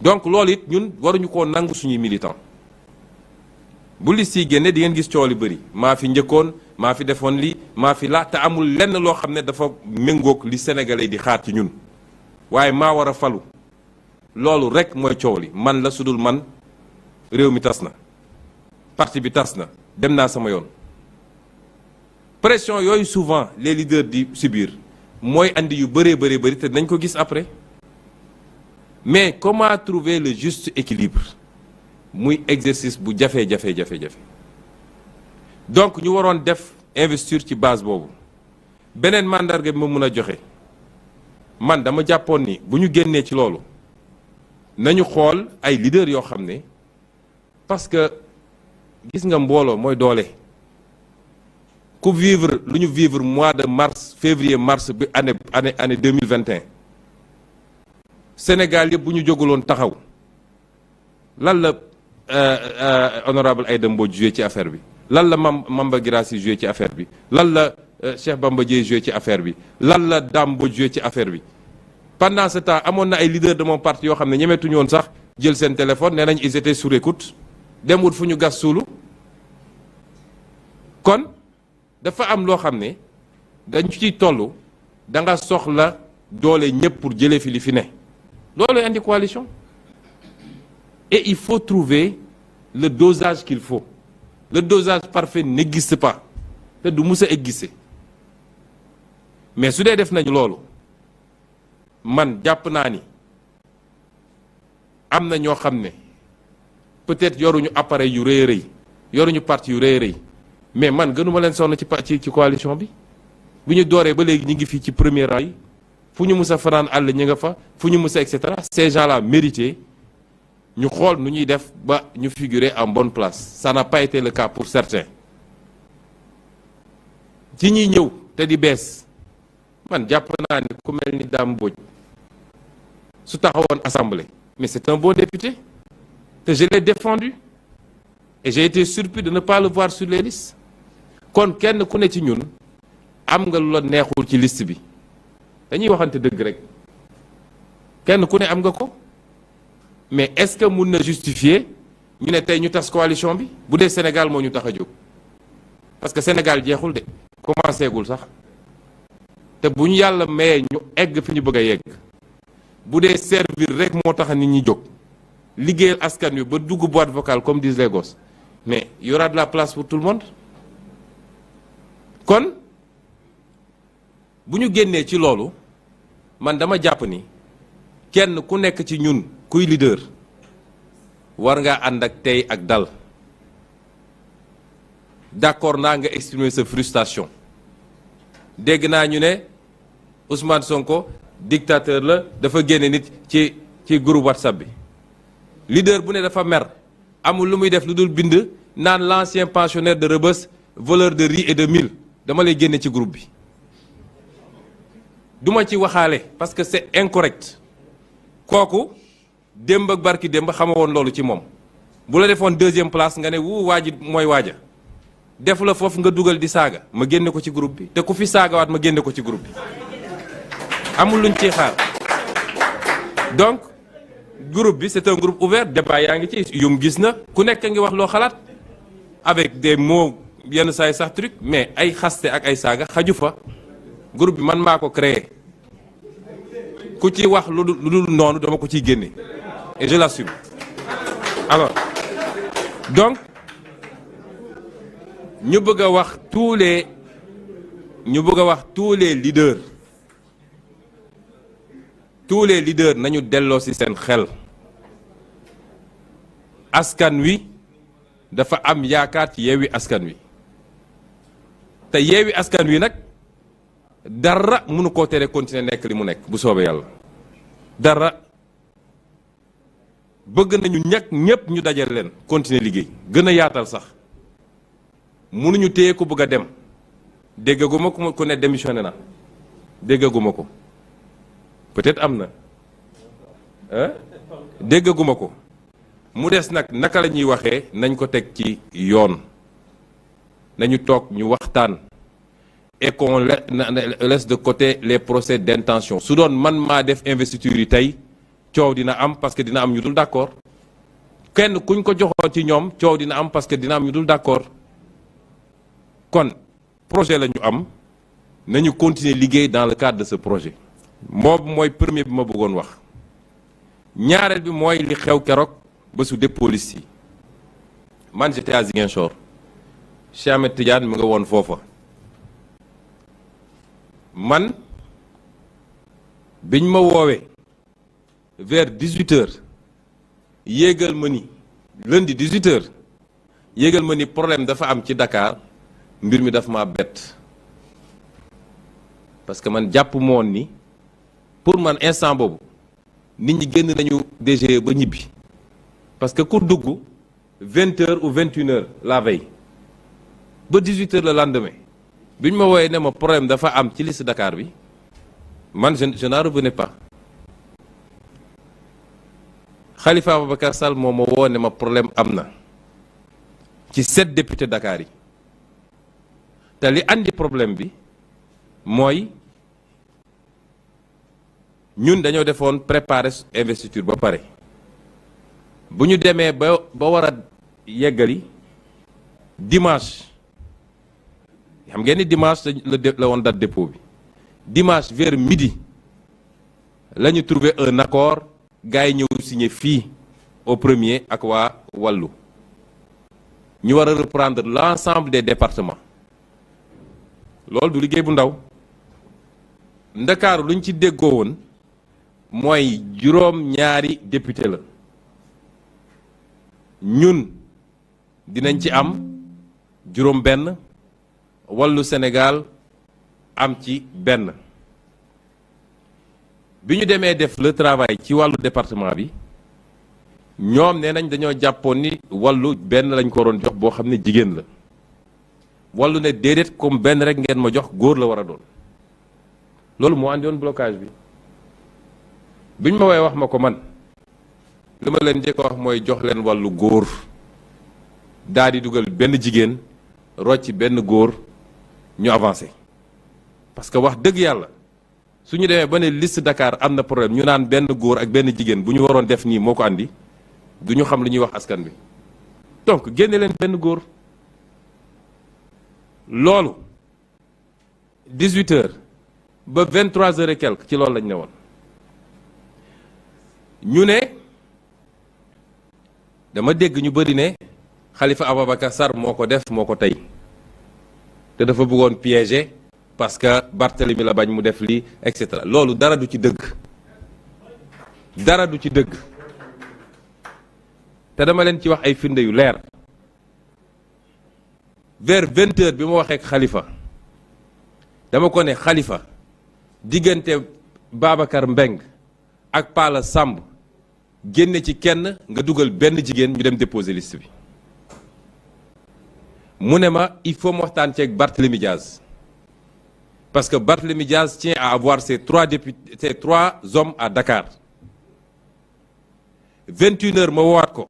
donc loolu it ñun waruñu ko nangu suñuy militant bu liste yi génne di ngeen gis coow li bëri maa fi njëkkoon maa fi defoon li maa fi la te amul lenn loo xam ne dafa méngoog li sénégalais di xaar ci ñun waaye maa war a falu loolu rek mooy coow li man la sudul man réew mi tas na parti bi tas na dem naa sama yoon pression yooyu souvent les leaders di subir mooy indi yu bëree bëree bëri te dañ ko gis après mais comment trouver le juste équilibre muy exercice bu jafe-jafe jafe-jafe donc ñu waroon def investiture ci base boobu beneen mandarga bi ma mën a joxe man dama jàppoon ni bu ñu génnee ci loolu nañu xool ay leaders yoo xam ne parce que gis nga mbooloo mooy doole ku vivre lu ñu vivre mois de mars février mars bi année année année deux mille vingt et Sénégal yëpp bu ñu jóguloon taxaw lan la euh, euh, honorable Aïda Mbodj joué ci affaire bi lan la Mam Mamba Girassi joué ci affaire bi lan la euh, Cheikh Bamba ci affaire bi lan la Dame Mbodj ci affaire bi pendant ce temps amoon na ay leader de mon yoo xam ne ñemetuñu woon sax jël seen téléphone nee nañ ils sur écoute dem wut fu ñu gas suulu kon dafa am loo xam ne dañ ci toll danga nga soxla doole ñëpp pour jëlee fi li fi ne loolu indi coalition et il faut trouver le dosage qu'il faut le dosage parfait n'existe pas te du mus a exister mais su dee def nañu loolu man jàpp naa ni am na ñoo xam ne peut-être yoruñu appareil yu rëy rëy yoruñu parti yu rëy rëy mais man gënuma leen sonn ci ci ci coalition bi bu ñu dooree ba léegi ñu ngi fii ci premier rang fu ñu mus a fanaan àll ñi nga fa fu ñu mus a et cetera ces gens ñu xool nu ñuy def ba ñu figurer en bonne place ça n'a le cas pour certains ci ñuy ñëw te di bees man jàpp naa ni ku mel ni Dame Mbodj su taxawoon assemblée mais c'est un bon député te je l'ai défendu et j'ai surpris de ne pas voir sur les listes kon kenn ku ne ci ñun am nga lu la neexul ci liste bi dañuy waxante dëgg rek kenn ku ne am nga ko mais est-ce que mun na justifier ñu ne tey ñu tas coalition bi bu dee Sénégal moo ñu tax a jóg parce que Sénégal jeexul de commencé gul sax te bu ñu yàlla mayee ñu egg fi ñu bëgg a yegg bu dee servir rek moo tax nit ñi jóg liggéeyal askan wi ba dugg boîte vocale comme disent les mais yoraat la place pour tout le monde kon. bu ñu génnee ci loolu man dama jàpp ni kenn ku nekk ci ñun kuy leader war nga ànd ak tey ak dal d'accord naa nga exprimer sa frustration dégg naa ñu ne Ousmane Sonko dictateur la dafa génne nit ci ci groupe WhatsApp bi leader bu ne dafa mer amul lu muy def lu dul bind naan l'ancien pensionnaire de Rebeuss voleur de riz et de mille dama lay génne ci groupe bi duma ci waxaale parce que c'est incorrect kooku démb ak barki démb xama woon loolu ci moom bu la defoon deuxième place nga ne wu waa mooy waaja def la foofu nga dugal di saaga ma génne ko ci groupe bi te ku fi saagawaat ma génne ko ci groupe bi amul luñ ciy xaar donc groupe bi c'est un groupe ouvert débat yaa ngi ci yum gis na ku nekk ngi wax loo xalaat avec de mots yenn saay sax truc mais ay xaste ak ay saaga xaju fa group bi man maa ko créé ku ci wax lu dul noonu dama ko ciy génne et je l'assume alors donc ñu bëgg a wax tous les ñu bëgg a wax tous les leaders tous les leaders nañu delloo ci seen xel askan wi dafa am yaakaar ci yeewi askan wi te yeewi askan wi nag dara mënu koo tere continuer nekk li mu nekk bu soobee yàlla dara bëgg nañu ñàkk ñëpp ñu dajal leen continuer liggéey gën a yaatal sax mënuñu téye ko bëgg a dem déggaguma ko ku ne démissionné na déggaguma ko peut-être am na déggaguma ko mu des nag naka la ñuy waxee nañ ko teg ci yoon nañu toog ñu waxtaan et qu'on laisse de côté les procès d'intention su doon man maa def investiture yi tey coow dina am parce que dina am ñu dul d'accord kenn kuñ ko joxoon ci ñoom coow dina am parce que dina am ñu dul d'accord kon projet la ñu am nañu continuer liggéey dans le cadre de ce projet moom mooy premier bi ma bëggoon wax ñaareel bi mooy li xew keroog bésu dépôt liste yi man j'étais à Ziguinchor Cheikh Ahmed Tidiane mu nga woon foofa man biñ ma woowee vers dix-huit heures ma ni lundi dix-huit heures ma ni problème dafa am ci Dakar mbir mi dafa ma bett parce que man jàpp moon ni pour man instant boobu nit ñi génn nañu DGE ba ñibbi parce que ku dugg vingt heures ou vingt une la veille ba dix-huit heures le lendemain bi ñu ma wooyee ne ma problème dafa am ci liste dakaar bi man je je n'en revenais pas Khalifa Ababacar Sall moo ma woo ne ma problème am na ci sept députés Dakar yi te li andi problème bi mooy ñun dañoo defoon préparer investiture ba pare bu ñu demee ba ba war a yeggali dimanche. xam ngeen ni dimanche la woon date dépôt bi dimanche vers midi la ñu trouvé un accord gars yi ñëw signé fii au premier ak waa wàllu ñu war a reprendre l' ensemble des départements loolu du liggéey bu ndaw ndakaaru luñ ci déggoo woon mooy juróom ñaari député la ñun dinañ ci am juróom benn wallu senegaal am ci benn bi ñu demee def le travail ci wàllu département bi ñoom nee nañ dañoo jàppoon ni wàllu benn lañ ko waroon jox boo xam ne jigéen la wàllu ne déedéet comme benn rek ngeen ma jox góor la war a doon loolu moo andi woon blocage bi biñ ma woowee wax ma ko man li ma leen njëkk wax mooy jox leen wàllu góor daal di dugal benn jigéen rocc benn góor ñu avancé parce que wax dëgg yàlla su ñu demee ba ne list Dakar am na problème ñu naan benn góor ak benn jigéen bu ñu waroon def nii moo ko andi du ñu xam lu ñuy wax askan bi donc génne leen benn góor loolu 18 heures ba 23 heures et quelque ci loolu lañ ne woon ñu ne dama dégg ñu bëri ne Khalifa Ababacar Sall moo ko def moo ko tey. te dafa bëggoon piéger parce que Barthélemy la bañ mu def lii et cetera loolu dara du ci dëgg dara du ci dëgg te dama leen ci wax ay firnde yu leer vers vingt bi ma waxee xalifa dama ko ne Khalifa diggante Babacar Mbeng ak Pala Samb génne ci kenn nga dugal benn jigéen ñu dem déposer liste bi mu ne ma il faut mu waxtaan ceeg Barthélemy Diaz parce que Barthélemy Diaz tient à avoir ses trois députés ses trois hommes à Dakar vingt une heures ma woowaat ko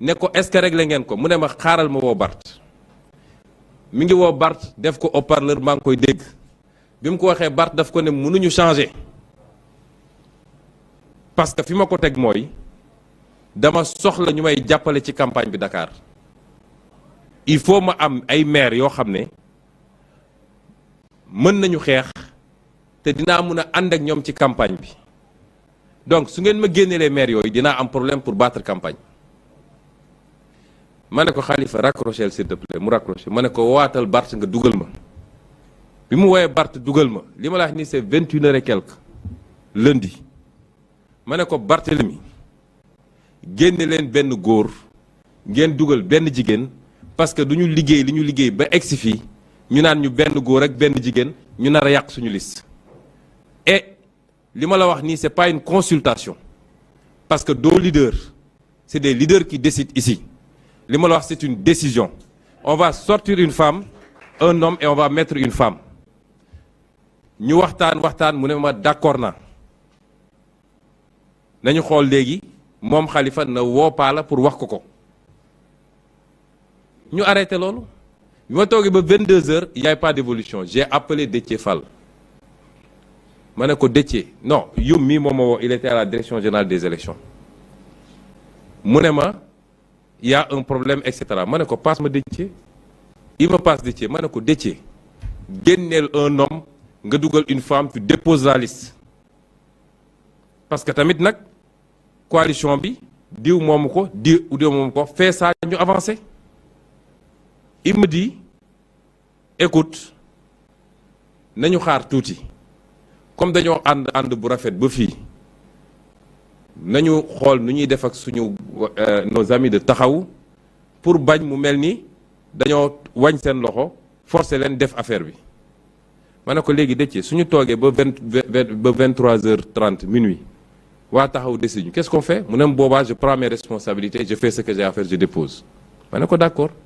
ne ko est-ce ngeen ko mu ne ma xaaral ma woo Bart mu ngi woo Bart def ko haut-parleur maa ngi koy dégg bi mu ko waxee Bart daf ko ne mënuñu changer parce que fi ma ko teg mooy dama soxla ñu may jàppale ci campagne bi Dakar il faut ma am ay maire yoo xam ne mën nañu xeex te dinaa mën a ànd ak ñoom ci campagne bi donc su ngeen ma génnelee maire yooyu dinaa am problème pour battre campagne ma ne ko Khalifa raccrochel s'il te plaît mu raccroché ma ne ko waatal Bart nga dugal ma bi mu woowee Bart dugal ma li ma la wax nii c'est vingt une heures et quelque lundi ma ne ko Barthélemy génne leen benn góor ngeen dugal benn jigéen parce que du liggéey li ñu liggéey ba egsi fii ñu naan ñu benn góor ak benn jigéen ñu nar a yàq suñu lis e li ma la wax nii c'est pas une consultation parce que doo leader c'est des leaders qui décident ici li ma la wax c'est une décision on va sortir une femme un homme et on va mettre une femme ñu waxtaan waxtaan mu ne ma d'accord na nañu xool léegi moom xalifa na woo Palla pour wax ko ko. ñu arrêté loolu bi ma toogee ba 22 heures il y a pas d'évolution j'ai appelé Déthié Fall ma ne ko Déthié non yow mii moom ma woo il était à la direction générale des élections mu ne ma y a un problème et cetera ma ne ko passe ma Déthié il me passe Déthié ma ne ko Déthié génneel un nom nga dugal une femme tu déposes la liste parce que tamit nag coalition bi diw moom ko diw diw moom ko fais ça ñu avancer. il me dit écoute nañu xaar tuuti comme dañoo ànd ànd bu rafet ba fii nañu xool ni ñuy def ak suñu euh, nos amis de taxaw pour bañ mu mel ni dañoo wañ seen loxo forcer leen def affaire bi ma ne ko léegi dëcce suñu toogee ba vingt ba vingt trois heures trente minuit waa taxaw décision quest fait mu ne boobaa je prends mes responsabilités je fais ce que j'ai à je dépose ma d'accord